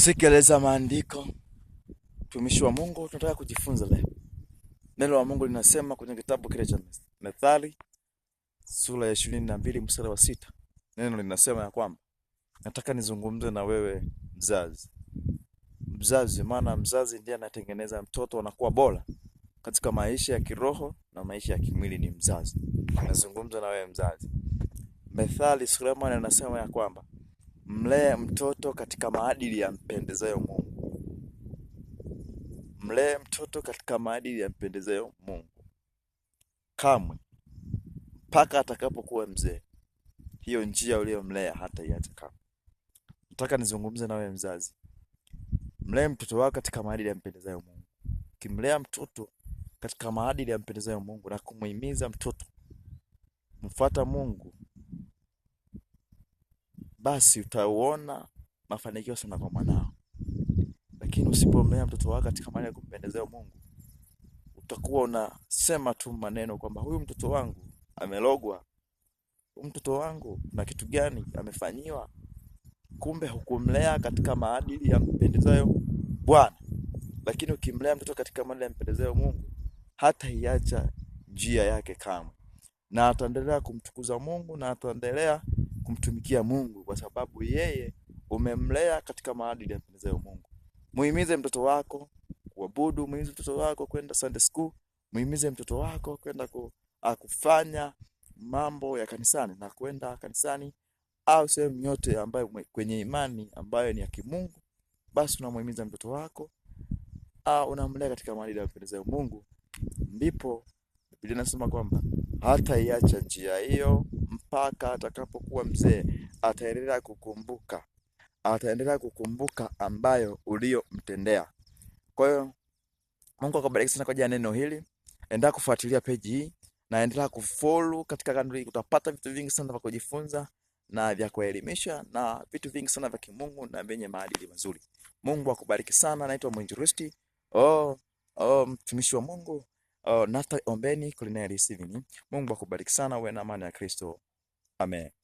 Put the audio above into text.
Sikiliza maandiko, mtumishi wa Mungu, tunataka kujifunza leo. Neno la Mungu linasema kwenye kitabu kile cha Methali sura ya ishirini na mbili mstari wa sita neno linasema ya kwamba, nataka nizungumze na wewe mzazi, mzazi, maana mzazi ndiye anatengeneza mtoto anakuwa bora katika maisha ya kiroho na maisha ya kimwili, ni mzazi. Nazungumza na wewe mzazi. Methali Sulemani anasema ya kwamba Mlee mtoto katika maadili ya mpendezayo Mungu. Mlee mtoto katika maadili ya mpendezayo Mungu, kamwe mpaka atakapokuwa mzee, hiyo njia uliyomlea iache kamwe. Nataka nizungumze nawe mzazi, mlee mtoto wako katika maadili mpendezayo Mungu. Ukimlea mtoto katika maadili ya mpendezayo Mungu na kumuhimiza mtoto mfuata Mungu basi utauona mafanikio sana kwa mwanao. Lakini usipomlea mtoto wako katika mali ya kumpendezea Mungu, utakuwa unasema tu maneno kwamba huyu mtoto wangu amelogwa, huyu mtoto wangu na kitu gani amefanyiwa. Kumbe hukumlea katika maadili ya mpendezayo Bwana. Lakini ukimlea mtoto katika maadili ya mpendezayo Mungu, hata iacha njia yake kamwe, na ataendelea kumtukuza Mungu na ataendelea kumtumikia Mungu kwa sababu yeye umemlea katika maadili yampendezayo Mungu. Muhimize mtoto wako kuabudu, muhimize mtoto wako kwenda Sunday school, muhimize mtoto wako kwenda ah, kufanya mambo ya kanisani na kwenda kanisani au sehemu yote ambayo kwenye imani ambayo ni ya kimungu, basi unamuhimiza mtoto wako au ah, unamlea katika maadili yampendezayo Mungu, ndipo Biblia inasema kwamba hataiacha njia hiyo mpaka atakapokuwa mzee. Ataendelea kukumbuka, ataendelea kukumbuka ambayo uliyomtendea. Kwa hiyo Mungu akubariki sana kwa ajili ya neno hili. Endelea kufuatilia peji hii na endelea kufollow katika kanali hii, utapata vitu vingi sana vya kujifunza na vya kuelimisha na vitu vingi sana vya kimungu na vyenye maadili mazuri. Mungu akubariki sana. Naitwa Mwinjilisti oh, oh, mtumishi wa Mungu Uh, oh, Naftali Ombeni Cornelius Silini. Mungu akubariki sana, uwe na amani ya Kristo. Amen.